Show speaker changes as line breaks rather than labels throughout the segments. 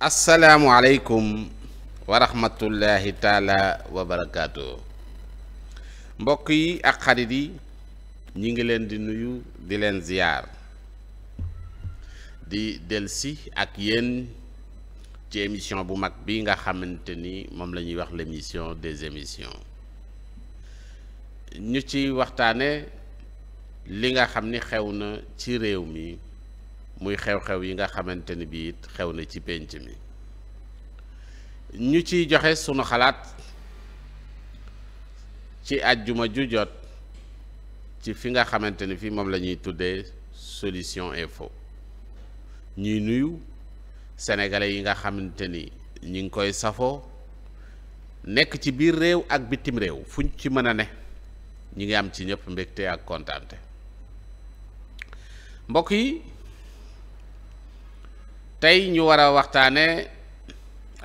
asalaamualeykum wa rahmatullahi taala wa barakaatu mbokk yi ak xarit yi ñi ngi leen di nuyu di leen ziyaar di delsi ak yenn ci émission bu mag bi nga xamante ni moom la ñuy wax l'émission des émissions ñu ci waxtaane li nga xam ni xew na ci réew mi muy xew-xew yi nga xamante ni bii it xew na ci pénc mi ñu ciy joxe sunu xalaat ci àjjuma ju jot ci fi nga xamante ni fii moom la ñuy tuddee solution info ñuy nuyu sénégalais yi nga xamante ni ñi ngi koy safoo nekk ci biir réew ak bitim réew fuñ ci mën a ne ñi ngi am ci ñëpp mbégte ak kontaante mbokk yi. tey ñu war a waxtaane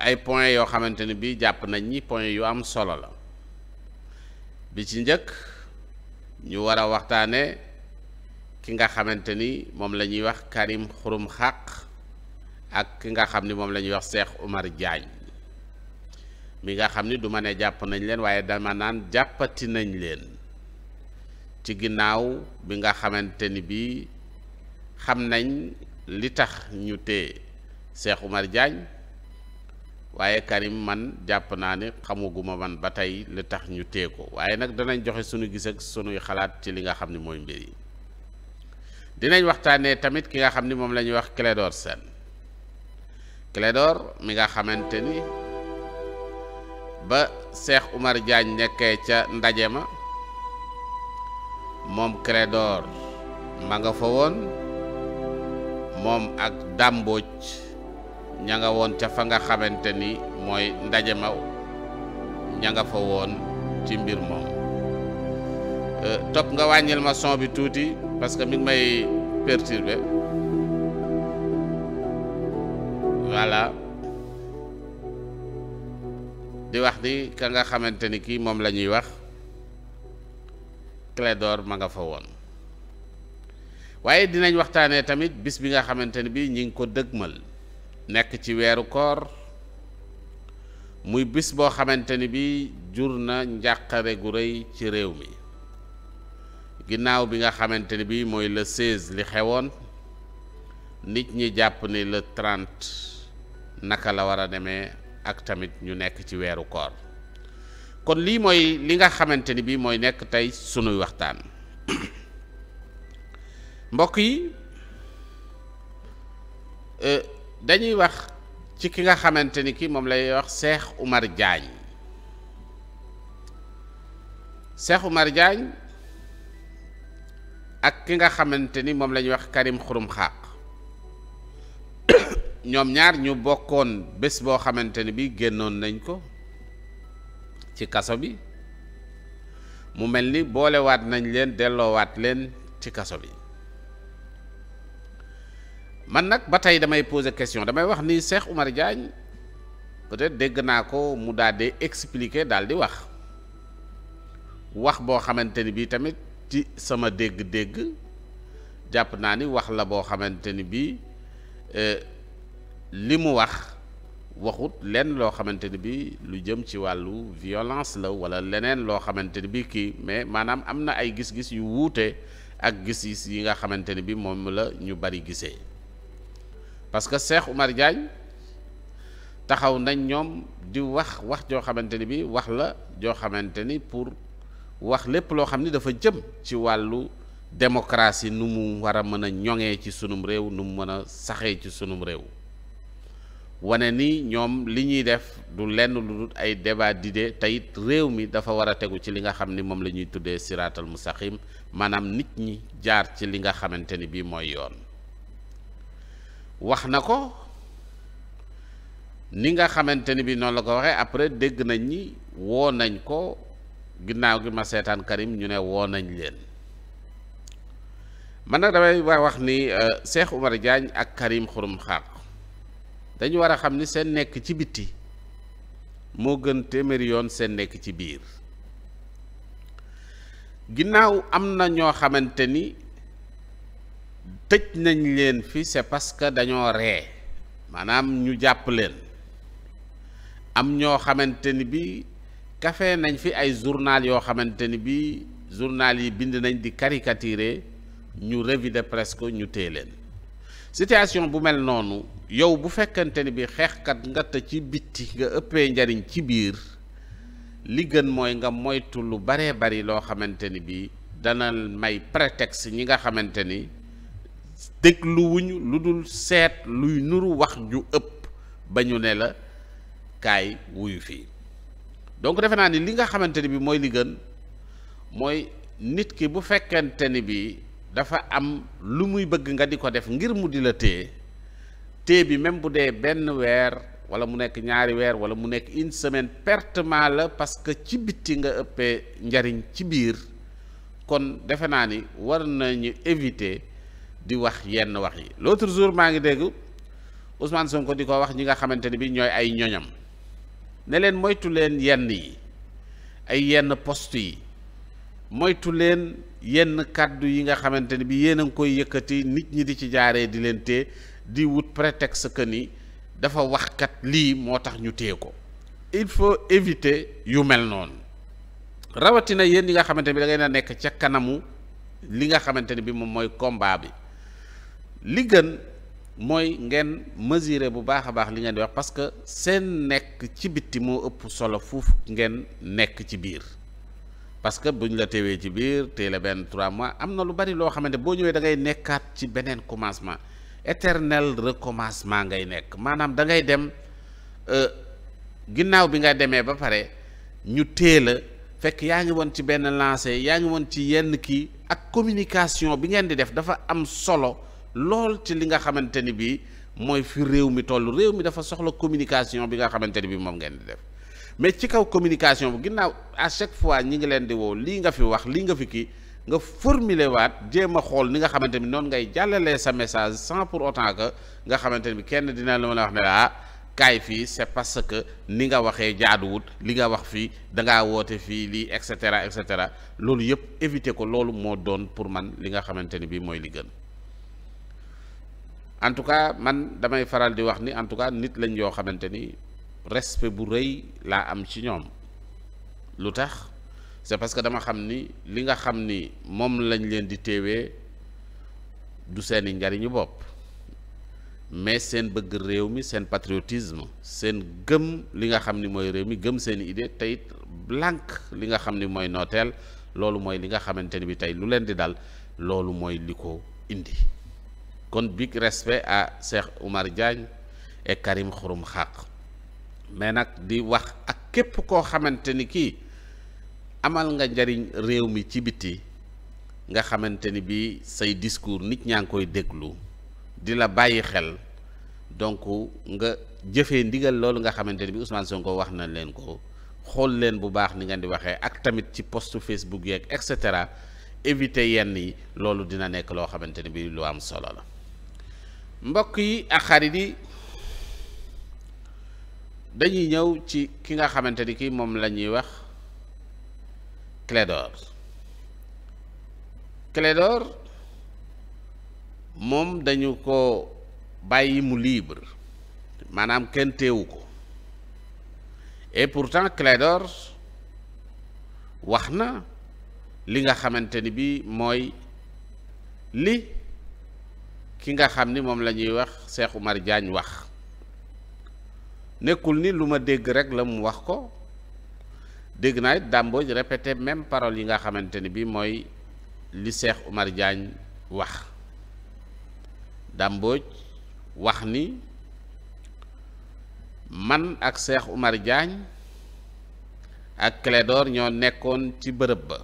ay point yoo xamante ni bi jàpp nañ ñi point yu am solo la bi ci njëkk ñu war a waxtaane ki nga xamante ni moom lañuy wax Karim Xurum Xaq ak ki nga xam ni moom lañuy wax Cheikh Oumar jaañ mi nga xam ni du ma ne jàpp nañ leen waaye dama naan jàppati nañ leen ci ginnaaw bi nga xamante ni bi xam nañ li tax ñu téye Cheikh Oumar Diagne waaye Karim man jàpp naa ne xamuguma man ba tey li tax ñu téye ko waaye nag danañ joxe sunu gis ak sunuy xalaat ci li nga xam ne mooy mbir yi dinañ waxtaanee tamit ki nga xam ni moom lañuy ñuy wax Clédor Sène Clédor mi nga xamante ni ba Cheikh Oumar jaañ nekkee ca ndaje ma moom Clédor ma nga fa woon moom ak Dame ña nga woon ca fa nga xamante ni mooy ndaje ma ña nga fa woon ci mbir moom euh, topp nga wàññil ma son bi tuuti parce que mi ngi may perturber di wax ni ka nga xamante ni kii moom la ñuy wax Clédor ma nga fa woon waaye dinañ waxtaanee tamit bis bi nga xamante ni bi ñu ngi ko dëgg dëgmal nekk ci weeru koor muy bis boo xamante ni bi jur na njàqare gu rëy ci réew mi ginnaaw bi nga xamante ni bi mooy la 16 li xewoon nit ñi jàpp ni le 30 naka la war a demee ak tamit ñu nekk ci weeru koor kon lii mooy li nga xamante ni bi mooy nekk tey sunuy waxtaan mbokk yi euh, dañuy wax ci ki nga xamante ni ki moom lay wax Cheikh Oumar jaañ Cheikh Oumar Diagne ak ki nga xamante ni moom lañuy wax Karim Xurum Xaq ñoom ñaar ñu bokkoon bés boo xamante ni bi génnoon nañ ko ci kaso bi mu mel ni boolewaat nañ leen delloowaat leen ci kaso bi man nag ba tey damay poser question damay wax ni Cheikh Oumar Diagne peut-être dégg naa ko mu daal di expliquer daal di wax wax boo xamante ni bii tamit ci sama dégg-dégg jàpp naa ni wax la boo xamante ni bii euh, li mu wax waxut lenn loo xamante ni bii lu jëm ci wàllu violence la walla leneen loo xamante ni bii kii mais maanaam am na ay gis-gis yu wuute ak gis-gis yi nga xamante ni bii moom la ñu bari gisee. parce que Cheikh Oumar taxaw nañ ñoom di wax wax joo xamante ni bii wax la joo xamante ni pour wax lépp loo xam ni dafa jëm ci wàllu démocratie nu mu war a mën a ñoŋee ci sunum réew nu mu mën a saxee ci sunum réew wane ni ñoom li ñuy def du lenn lu dul ay débat d'idées te it réew mi dafa war a tegu ci li nga xam ni moom la ñuy tuddee siraatal mustaqim maanaam nit ñi jaar ci li nga xamante ni bii mooy yoon wax na ko ni nga xamante ni bi noonu la ko waxee après dégg nañ ni woo nañ ko ginnaaw gi ma seetaan Karim ñu ne woo nañ leen mën nag damay wax ni euh, Cheikh Oumar Diagne ak Karim Xurum Xaq dañu war a xam ni seen nekk ci bitti moo gën téeméeri yoon seen nekk ci biir ginnaaw am na ñoo xamante ni tëj nañ leen fi c'est parce que dañoo ree maanaam ñu jàpp leen am ñoo xamante ni bi kafe nañ fi ay journal yoo xamante ni bi journal yi bind nañ di caricaturer ñu revide presque ñu téye leen situation bu mel noonu yow bu fekkante ni bi xeexkat nga te ci bitti nga ëppee njariñ ci biir li gën mooy nga moytu lu baree bari loo xamante ni bi dana may prétexte ñi nga xamante ni dégluwuñu lu dul seet luy nuru wax ju ëpp ba ñu ne la kaay wuyu fii donc defe naa ni li nga xamante ni bi mooy li gën mooy nit ki bu fekkente ni bi dafa am lu muy bëgg nga di ko def ngir mu di la téye téye bi même bu dee benn weer wala mu nekk ñaari weer wala mu nekk une semaine pertement la parce que ci bitti nga ëppee njariñ ci biir kon defe naa ni war nañu éviter di wax yenn wax yi l'autre jour maa ngi dégg Ousmane ko di ko wax ñi nga xamante ni bi ñooy ay ñoñam ne leen moytu leen yenn yi ay yenn poste yi moytu leen yenn kàddu yi nga xamante ni bi yéen a ngi koy yëkkati nit ñi di ci jaaree di leen téye di wut prétexte que ni dafa wax kat lii moo tax ñu téye ko il faut éviter yu mel noonu rawatina yéen yi nga xamante ni bi da ngay nekk ca kanamu li nga xamante ni bi moom mooy combat bi li gën mooy ngeen mesurer bu baax a baax li ngeen di wax parce que seen nekk ci bitti moo ëpp solo fuuf ngeen nekk ci biir parce que bu ñu la teewee ci biir tée benn trois mois am na lu bari loo xamante boo ñëwee da ngay nekkaat ci beneen commencement éternel recommencement ngay nekk maanaam da ngay dem euh, ginnaaw bi nga demee ba pare ñu tée la fekk yaa ngi woon ci benn lancé yaa ngi woon ci yenn kii ak communication bi ngeen di def dafa am solo lool ci li nga xamante ni bii mooy fi réew mi toll réew mi dafa soxla communication bi nga xamante ni bii moom ngeen di def mais ci kaw communication bi ginnaaw à chaque fois ñi ngi leen di woo lii nga fi wax lii nga fi kii nga formuler waat jéem a xool ni nga xamante ni noonu ngay jàllalee sa message sans pour autant que nga xamante bi kenn dina la mën a wax ne ah kaay fii c'est parce que ni nga waxee jaaduwut li nga wax fii da ngaa woote fii lii et cetera et cetera loolu yëpp éviter ko loolu moo doon pour man li nga xamante ni bii mooy li en tout cas man damay faral di wax ni en tout cas nit lañ yoo xamante ni respect bu rëy laa am ci ñoom lu tax c'est parce que dama xam ni li nga xam ni moom lañ leen di teewee du seeni njariñu bopp mais seen bëgg réew mi seen patriotisme seen gëm li nga xam ni mooy réew mi gëm seen idée tey it lànk li nga xam ni mooy nooteel loolu mooy li nga xamante ni bi tey lu leen di dal loolu mooy li ko indi kon big respect à Cheikh Oumar Diagne et Karim Xurum Xaq mais nag di wax ak képp koo xamante ni kii amal nga njariñ réew mi ci biti nga xamante ni bii say discours nit ñaa ngi koy déglu di la bàyyi xel donc nga jëfee ndigal loolu nga xamante ni bi Ousmane Sonko wax na leen ko xool leen bu baax ni nga di waxee ak tamit ci post Facebook yeeg et cetera éviter yenn yi loolu dina nekk loo xamante ni bi lu am solo la mbokk yi ak xarit yi dañuy ñëw ci ki nga xamante ni kii moom lañuy wax Clédor Clédor moom dañu ko bàyyi mu libre maanaam kenn teewu ko et pourtant Clédor wax na li nga xamante ni bii mooy li ki nga xam ni moom la ñuy wax Cheikh Oumar Diagne wax nekkul ni lu ma dégg rekk la mu wax ko dégg naa it dàmbooj répété même parole yi nga xamante ni bi mooy li Cheikh Oumar jaañ wax dàmbooj wax ni man ak Cheikh Oumar jaañ ak Clédor ñoo nekkoon ci bërëb ba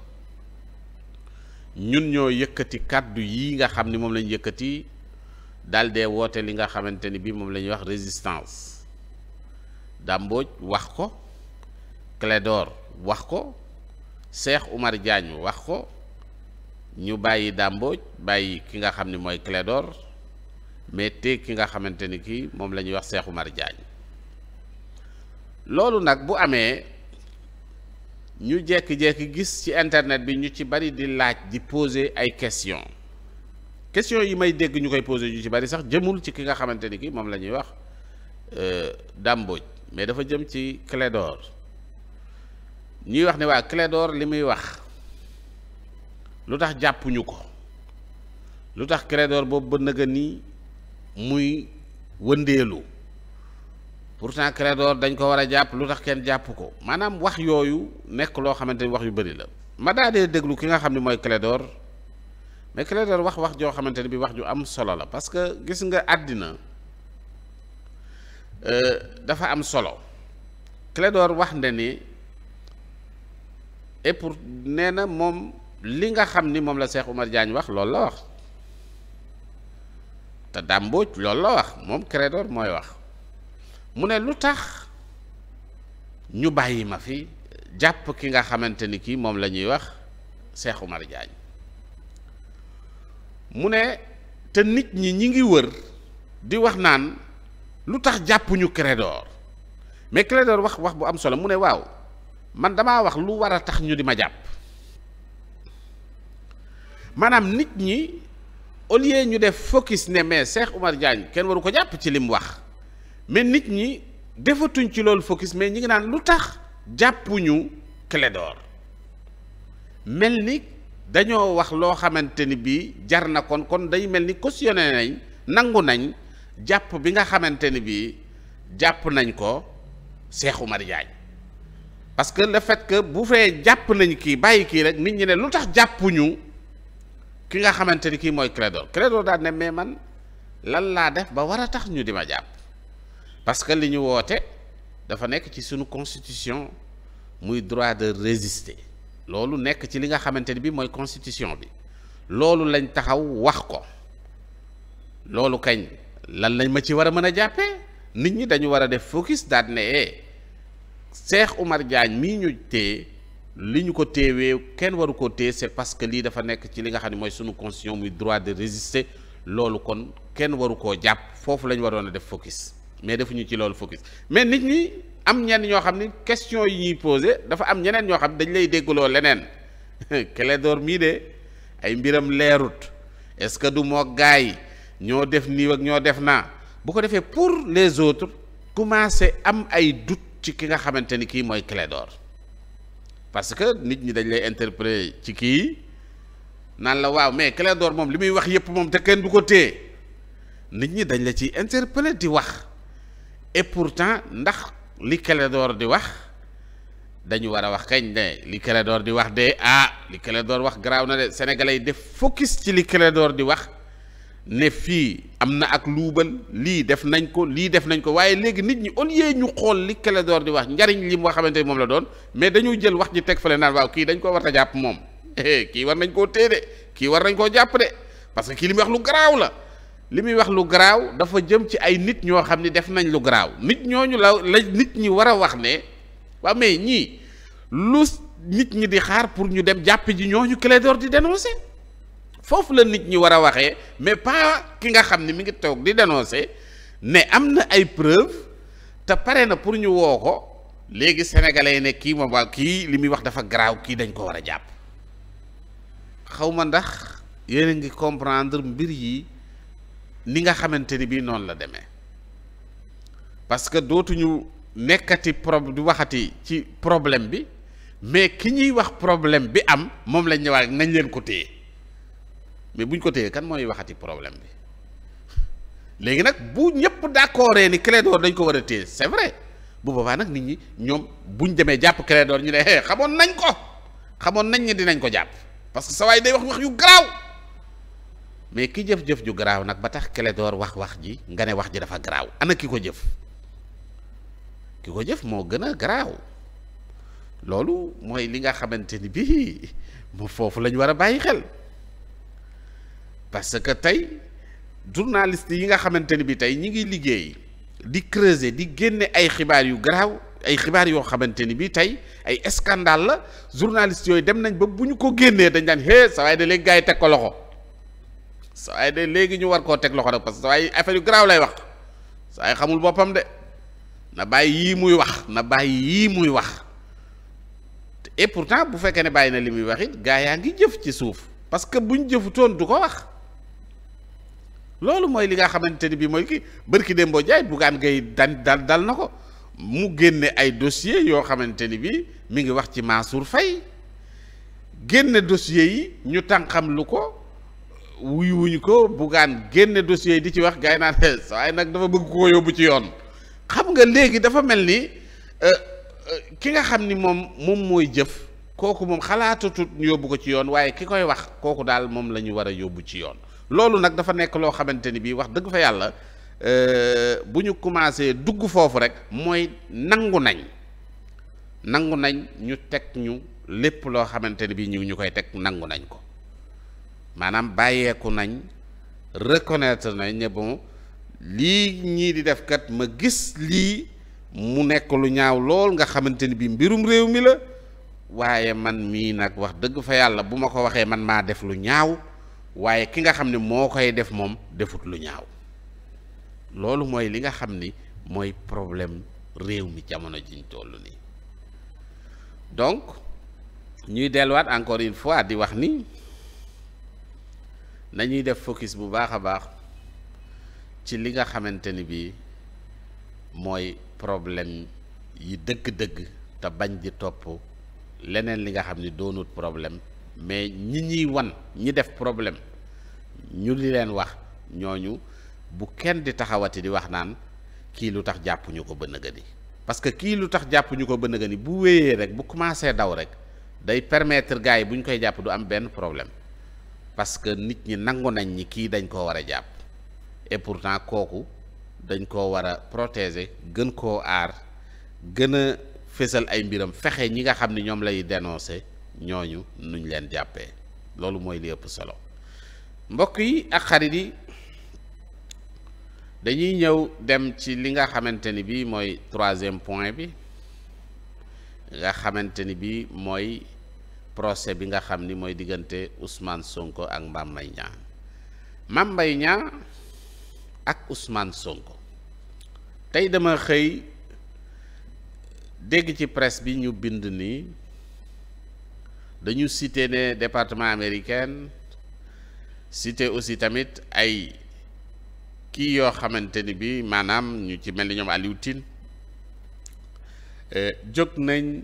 ñun ñoo yëkkati kàddu yi nga xam ni moom lañ yëkkati daal dee woote li nga xamante ni bii moom la wax résistance dàmbóoj wax ko Clédor wax ko Cheikh Oumar Diagne wax ko ñu bàyyi Dàmbooj bàyyi ki nga xam ni mooy Clédor mais te ki nga xamante ni kii moom la ñuy wax seexu Oumar Diagne loolu nag bu amee ñu jékki-jékki gis ci internet bi ñu ci bari di laaj di poser ay questions. question yi may dégg ñu koy posé ñu ci bari sax jëmul ci ki nga xamante ni ki moom la ñuy wax euh, Dame Mbodj mais dafa jëm ci Clédor ñuy wax ne waa Clédor li muy wax lu tax jàppuñu ko lu tax Clédor boobu ba nëgë ni muy wëndeelu pourtant Clédor dañ ko war a jàpp lu tax kenn jàpp ko maanaam wax yooyu nekk loo xamante ni wax yu bëri la ma daa dee déglu ki nga xam ne mooy Clédor mais Clédor wax wax joo xamante ne bi wax ju am solo la parce que gis nga àddina euh, dafa am solo Clédor wax na ni et pour nee na moom li nga xam ni moom la Cheikh Oumar jaañ wax loolu la wax te dàmbooj loolu la wax moom Clédor mooy wax mu ne lu tax ñu bàyyi ma fi jàpp ki nga xamante ni kii moom la ñuy wax Cheikh Oumar jaañ mu ne te nit ñi ñi ngi wër di wax naan lu tax jàppuñu Clédor mais Clédor wax wax bu am solo mu ne waaw man damaa wax lu war a tax ñu di ma jàpp maanaam nit ñi au lieu ñu def focus ne mais Cheikh Oumar Diagne kenn waru ko jàpp ci li mu wax mais nit ñi defatuñ ci loolu focus mais ñi ngi naan lu tax jàppuñu Clédor mel ni dañoo wax loo xamante ni bii jar na kon kon dañ mel ni cautionné nañ nangu nañ jàpp bi nga xamante ni bii jàpp nañ ko Cheikh Oumar Diagne parce que le bu fee jàpp nañ kii bàyyi kii rek nit ñi ne lu tax jàppuñu ki nga xamante ni kii mooy Clédor Clédor daal ne mais man lan laa def ba war a tax ñu di ma jàpp parce que li ñu woote dafa nekk ci sunu constitution muy droit de résister loolu nekk ci li nga xamante ni bi mooy constitution bi loolu lañ taxaw wax ko loolu kañ lan lañ ma ci war a mën a jàppee nit ñi dañu war a def focus daal ne eh Cheikh Oumar Diagne mii ñu tee li ñu ko téewee kenn waru ko téye c'est parce que lii dafa nekk ci li nga xam ne mooy sunu constitution muy droit de résister loolu kon kenn waru koo jàpp foofu lañ waroon a def focus mais defuñu ci loolu focus mais nit ñi. am ñenn ñoo xam ni question yi ñuy posé dafa am ñeneen ñoo xam dañ lay déggloo leneen Clédor mii de ay mbiram leerut est-ce que du moo gaa yi ñoo def nii ak ñoo def naa bu ko defee pour les autres commencer am ay doute ci ki nga xamante ni kii mooy Clédor parce que nit ñi dañ lay interpréter ci kii naan la waaw mais Clédor moom li muy wax yépp moom te kenn du ko téye nit ñi dañ la ciy interpréter di wax et pourtant ndax. li Clédor di wax dañu war a wax kañ ne li Clédor di wax de ah li Clédor wax garaaw na de sénégalais yi def focus ci li Clédor di wax ne fii am na ak luubal lii def nañ ko lii def nañ ko waaye léegi nit ñi au lieu ñu xool li Clédor di wax njariñ li mu xamante ni moom la doon mais dañu jël wax ji teg fale naan waaw kii dañ koo war a jàpp moom kii war nañ koo téye de kii war nañ koo jàpp de parce kii li mu wax lu garaaw la li muy wax lu garaaw dafa jëm ci ay nit ñoo xam ni def nañ lu garaaw nit ñooñu la la nit ñi war a wax ne waa mais ñii lu nit ñi di xaar pour ñu dem jàpp ji ñooñu Clédor di dénoncé foofu la nit ñi war a waxee mais pas ki nga xam ni mi ngi toog di dénoncé ne am na ay preuve te pare na pour ñu woo ko léegi sénégalais yi ne kii moom kii li muy wax dafa garaaw kii dañ ko war a jàpp xaw ma ndax yéen a ngi comprendre mbir yi ni nga xamante ni bii noonu la demee parce que dootuñu nekkati pro di waxati ci problème bi mais ki ñuy wax problème bi am moom lañ ñëwaat nañ leen ko téye mais buñ ko téye kan mooy waxati problème bi léegi nag bu ñëpp d'accord ni Clédor dañ ko war a téye c'est vrai bu boobaa nag nit ñi ñoom buñ demee jàpp Clédor ñu ne eh, xamoon nañ ko xamoon nañ ne dinañ ko jàpp parce sa waay day wax wax yu garaaw. mais ki jëf-jëf ju garaaw nag ba tax Clédor wax wax ji nga ne wax ji dafa garaaw ana ki ko jëf ki ko jëf moo gën a garaaw loolu mooy li nga xamante ni bii mu foofu la war a bàyyi xel parce que tey journaliste yi nga xamante ni bi tey ñi ngi liggéey di creuser di génne ay xibaar yu garaaw ay xibaar yoo xamante ni bi tey ay scandale la journaliste yooyu dem nañ ba bu ñu ko génnee dañ daan hé sa waaye da léegi gars yi teg ko loxo sa waay de léegi ñu war koo teg loxo nag parce que sa waay yu garaaw lay wax sa ay xamul boppam de na bàyyi yii muy wax na bàyyi yii muy wax et pourtant bu fekkee ne bàyyi na li muy wax it gaa yaa ngi jëf ci suuf parce que buñ jëfutoon du ko wax loolu mooy li nga xamante ni bii mooy kii bërki Dembo Ndiaye Bougane Gueye dan dal dal na ko mu génne ay dossier yoo xamante ni bii mi ngi wax ci Mansour Faye génne dossier yi ñu tànqam lu ko wuyu ko Bougane génne dossier yi di ci wax gars yi waaye nag dafa bëgg koo yóbbu ci yoon xam nga léegi dafa mel ni euh, euh, ki nga xam ni moom moom mooy jëf kooku moom xalaatatut yóbbu ko ci yoon waaye ki koy wax kooku daal moom la ñu war a yóbbu ci yoon loolu nag dafa nekk loo xamante ni bii wax dëgg fa yàlla euh, bu ñu commencé dugg foofu rek mooy nangu nañ nangu nañ ñu teg ñu lépp loo xamante ni bii ñu ñu koy teg nangu nañ ko maanaam bàyyeeku nañ reconnaître nañ ne bon lii ñii di defkat ma gis lii mu nekk lu ñaaw lool nga xamante ni bi mbirum réew mi la waaye man mii nag wax dëgg fa yàlla bu ma ko waxee man maa def lu ñaaw waaye ki nga xam ne moo koy def moom defut lu ñaaw loolu mooy li nga xam ni mooy problème réew mi jamono jiñ toll nii donc ñuy delluwaat encore une fois di wax ni nañuy def focus bu baax a baax ci li nga xamante ni bii mooy problème yi dëgg-dëgg te bañ di topp leneen li nga xam ni doonut problème mais ñi ñuy wan ñi def problème ñu li leen wax ñooñu bu kenn di taxawati di wax naan kii lu tax jàppuñu ko ba nëgëni parce que kii lu tax jàppuñu ko ba nëgëni bu wéyee rek bu commencé daw rek day permettre gars yi bu ñu koy jàpp du am benn problème parce que nit ñi nangu nañ ñi kii dañ koo war a jàpp et pourtant kooku dañ koo war a protéger gën koo aar gën a fésal ay mbiram fexe ñi nga xam ni ñoom lay dénoncer ñooñu nuñ leen jàppee loolu mooy li ëpp solo mbokk yi ak xarit yi dañuy ñëw dem ci li nga xamante ni bii mooy troisième point bi nga xamante ni bii mooy. procès bi nga xam ni mooy diggante Ousmane Sonko ak Mame Mbaye Niang Mame Mbaye Niang ak Ousmane Sonko tey dama xëy dégg ci presse bi ñu bind ni dañu sitee ne département américain cité aussi tamit ay kii yoo xamante ni bi maanaam ñu ci mel ni ñoom Aliou euh, jóg nañ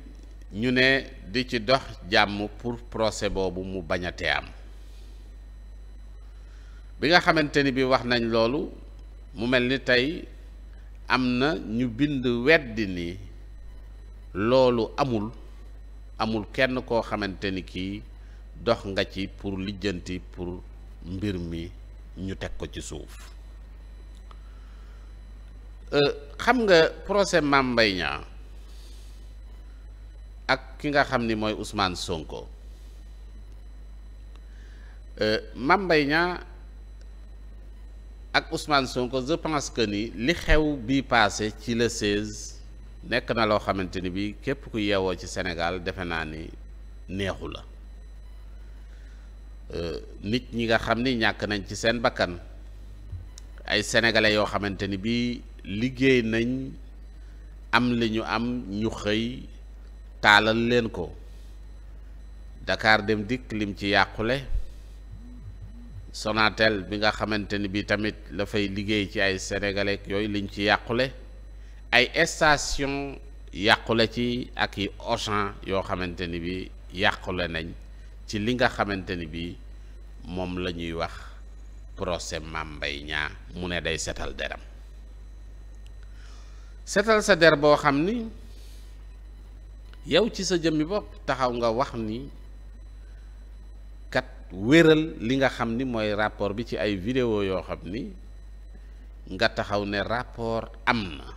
ñu ne di ci dox jàmm pour procès boobu mu bañ a tee am bi nga xamante ni bi wax nañ loolu mu mel ni tey am na ñu bind weddi ni loolu amul amul kenn koo xamante ni kii dox nga ci pour lijjanti pour mbir mi ñu teg ko ci suuf euh, xam nga procès Mame ak ki nga xam ni mooy Ousmane Sonko euh, Mame Mbaye Niang ak usmaan Sonko je ni li xew bi passé ci la 16 nekk na loo xamante ni bi képp ku yewoo ci senegal defe naa ni neexu la euh, nit ñi nga xam ni ñàkk nañ ci seen bakkan ay sénégalais yoo xamante ni bi liggéey nañ am li am ñu xëy taalal leen ko Dakar dem dikk lim ci yàqule Sonatel bi nga xamante ni bi tamit la liggéey ci ay sénégalais yooyu lim ci yàqule ay station yàqule ci ak i Auchan yoo xamante ni bi yàqule nañ ci li nga xamante ni bi moom lañuy wax procès Mame Mbaye mu ne day setal deram setal sa der boo xam ni yow ci sa jëmmi bopp taxaw nga wax ni kat wéral li nga xam ni mooy rapport bi ci ay video yoo xam ni nga taxaw ne rapport am na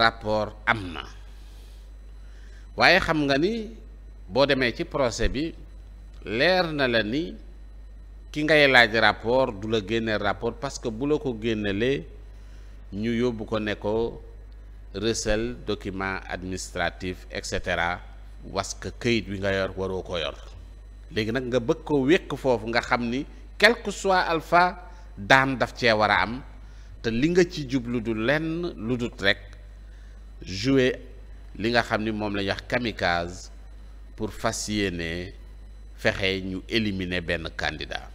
rapport am na waaye xam nga ni boo demee ci procès bi leer na la ni ki ngay laaj rapport du la génne rapport parce que bu la ko génnelee ñu yóbbu ko ne ko recel document administratif et cetera parce que këyit bi nga yor waroo ko yor léegi nag nga bëgg ko wékk foofu nga xam ni quelque que soit alpha daan daf cee war a am te li nga ci jublu du lenn lu dul rek jouer li nga xam ni moom la ñuy wax kamikaze pour fas yéene fexe ñu éliminer benn candidat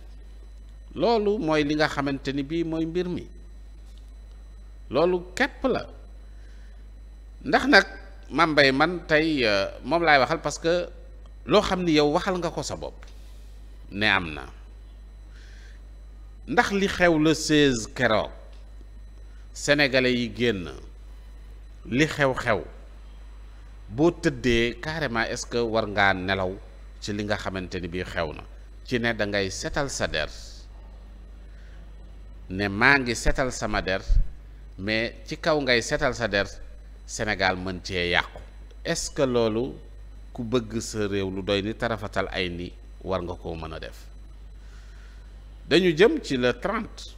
loolu mooy li nga xamante ni bii mooy mbir mi loolu képp la ndax nag Mame Mbaye man tey euh, moom laay waxal parce que loo xam ni yow waxal nga ko sa bopp ne am na ndax li xew la saise keroog sénégalais yi génn li xew-xew boo tëddee carrément est-ce que war ngaa nelaw ci li nga xamante ni bii xew na ci ne da ngay setal sa der ne maa ngi setal sama der mais ci kaw ngay setal sa der Sénégal mën cee yàqu est-ce que loolu ku bëgg sa réew lu doy ni tarafatal ay ni war nga koo mën a def dañu jëm ci la trent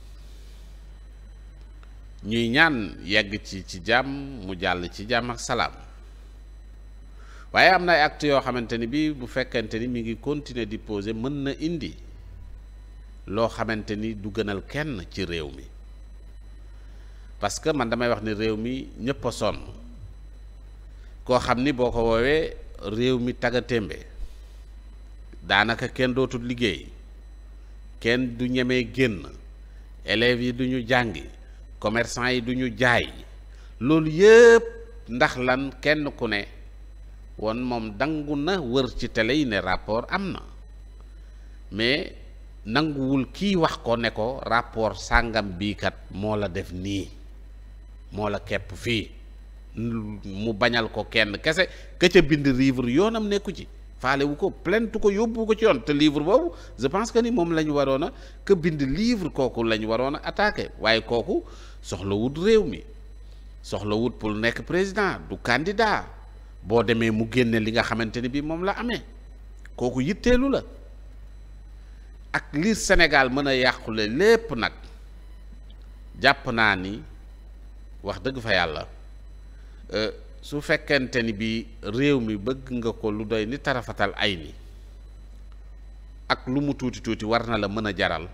ñuy ñaan yegg ci ci jàmm mu jàll ci jàmm ak salaam waaye am na ay yoo xamante ni bii bu fekkente ni mi ngi continuer di poser mën na indi loo xamante ni du gënal kenn ci réew mi parce que man damay wax ni réew mi ñëpp sonn koo xam ni boo ko woowee réew mi tagatémbe daanaka kenn dootul liggéey kenn du ñemee génn élèves yi duñu ñu jàngi commerçant yi duñu ñu jaay loolu yëpp ndax lan kenn ku ne woon moom dangu na wër ci télé yi ne rapport am na mais nanguwul kii wax ko ne ko rapport sàngam bii kat moo la def nii moo la kepp fii mu bañal ko kenn kese ka ca bind livre yoonam nekku ci faale wu ko plainte ko yóbbu ko ci yoon te livre boobu je pense que ni moom la ñu waroon a bind livre kooku la ñu waroon a attaqué waaye kooku soxlawut réew mi soxlawut pour nekk président du candidat boo demee mu génne li nga xamante ni bii moom la amee kooku yitteelu la ak li Sénégal mën a yàqule lépp nag jàpp naa ni wax dëgg fa yàlla. su fekkente ni bi réew mi bëgg nga ko lu doy ni tarafatal ay ni ak lu mu tuuti tuuti war na la mën a jaral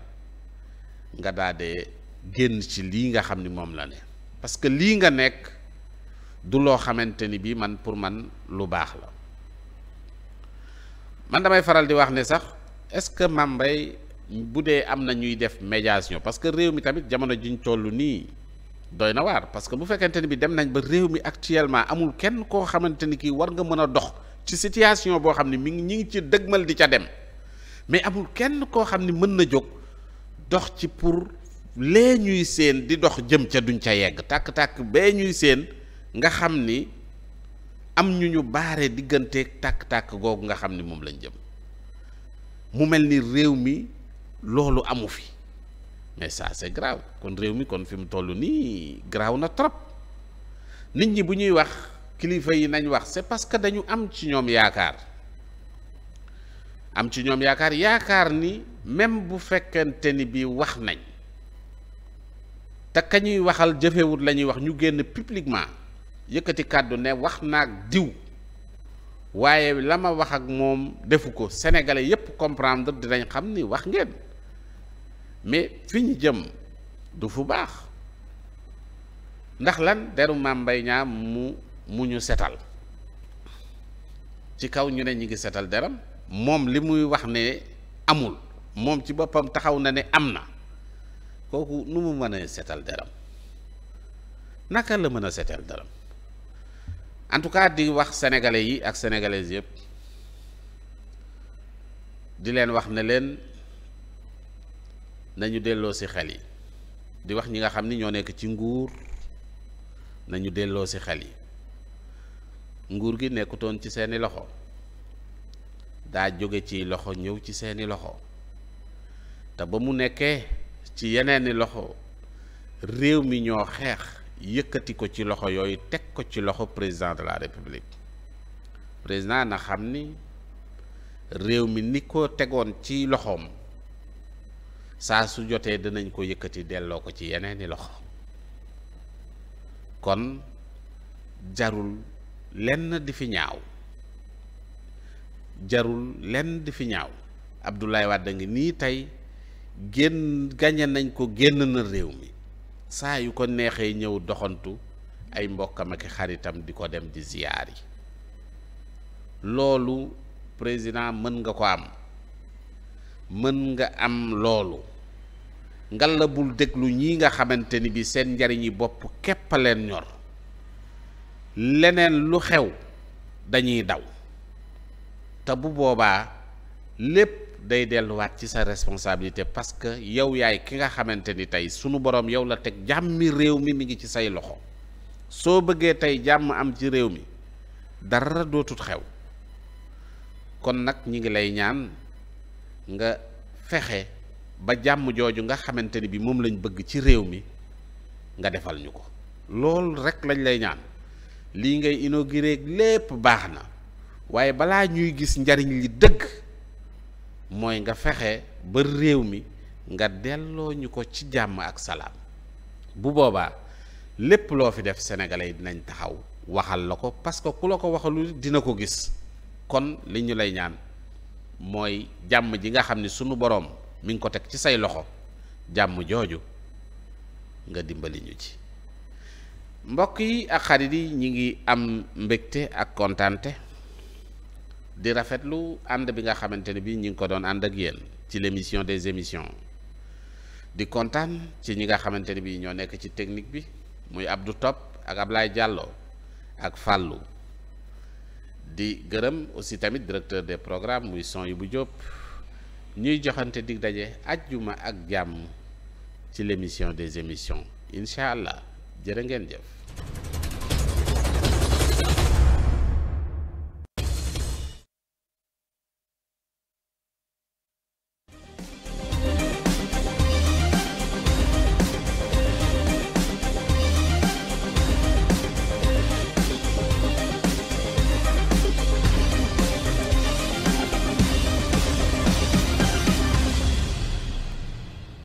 nga daade dee génn ci lii nga xam ni moom la ne parce que lii nga nekk du loo xamante ni bii man pour man lu baax la man damay faral di wax ne sax est-ce que Mame bu dee am na ñuy def médiation parce que réew mi tamit jamono jiñ toll nii doy na waar parce que bu fekkente ni bi dem nañ ba réew mi actuellement amul kenn koo xamante ni kii war nga mën a dox ci situation boo xam ne mi ngi ñu ngi ci dëgmal di ca dem mais amul kenn koo xam ni mën na jóg dox ci pour lee ñuy seen di dox jëm ca duñ ca yegg tàkk-tàkk bee ñuy seen nga xam ni am ñu ñu baare digganteeg tàkk-tàkk googu nga xam ni moom lañ jëm mu mel ni réew mi loolu amu fi mais ça c'est grave kon réew mi kon fi mu toll nii graaw na trop nit ñi bu ñuy wax kilifa yi nañ wax c'est parce que dañu am ci ñoom yaakaar am ci ñoom yaakaar yaakaar ni même bu fekkente ni bi wax nañ te ka ñuy waxal jëfewut la ñuy wax ñu génn publiquement yëkkati kàddu ne wax naag diw waaye la ma wax ak moom defu ko sénégalais yépp comprendre dinañ xam ni wax ngeen mais fi ñu jëm du fu baax ndax lan deru maam mbay ñaa mu mu ñu setal ci kaw ñu ne ñu ngi setal deram moom li muy wax ne amul moom ci boppam taxaw na ne am na kooku nu mu mën setal deram naka la mën a setal deram en tout cas di wax sénégalais yi ak sénégalaises yëpp di leen wax ne leen nañu delloo si xel yi di wax ñi nga xam ni ñoo nekk ci nguur nañu delloo si xel yi nguur gi nekkutoon ci seeni loxo daa jóge ci loxo ñëw ci seeni loxo te ba mu nekkee ci yeneeni loxo réew mi ñoo xeex yëkkati ko ci loxo yooyu teg ko ci loxo président de la république président na xam ni réew mi ni ko tegoon ci loxoom saa su jotee danañ ko yëkkati delloo ko ci i loxo kon jarul lenn di fi ñaaw jarul lenn di fi ñaaw ngi nii tey génn gañe nañ ko génn na réew mi saa yu ko neexee ñëw doxantu ay mbokkam ak xaritam di ko dem di ziyaar yi loolu président mën nga ko am mën nga am loolu ngal la bul déglu ñii nga xamante ni bi seen njariñi bopp képp a leen ñor leneen lu xew dañuy daw te bu boobaa lépp day delluwaat ci sa responsabilité parce que yow yaay ki nga xamante ni tey sunu borom yow la teg jàmmi réew mi mi ngi ci say loxo soo bëggee tey jàmm am ci réew mi dara dootul xew kon nag ñi ngi lay ñaan nga fexe ba jàmm jooju nga xamante ni bi moom lañu bëgg ci réew mi nga defal ñu ko loolu rekk lañ lay ñaan lii ngay inauguré lépp baax na waaye balaa ñuy gis njariñ li dëkk mooy nga fexe ba réew mi nga delloo ñu ko ci jàmm ak salaam bu boobaa lépp loo fi def sénégalais yi dinañ taxaw waxal la ko parce que ku la ko waxalul dina ko gis kon li ñu lay ñaan mooy jàmm ji nga xam ni sunu boroom mi ngi ko teg ci say loxo jàmm jooju nga dimbali ñu ci mbokk yi ak xarit yi ñi ngi am mbégte ak kontaante di rafetlu ànd bi nga xamante ne bii ñi ngi ko doon ànd ak yéen ci l'émission des émissions di kontaan ci ñi nga xamante ne bii ñoo nekk ci technique bi muy Abdou Top ak Ablaye jàlloo ak Fallou di gërëm aussi tamit directeur des programme muy son yi bu Diop. ñuy joxante di daje ajjuma ak jàmm ci l'émission des émissions incha allah jërë ngeen jëf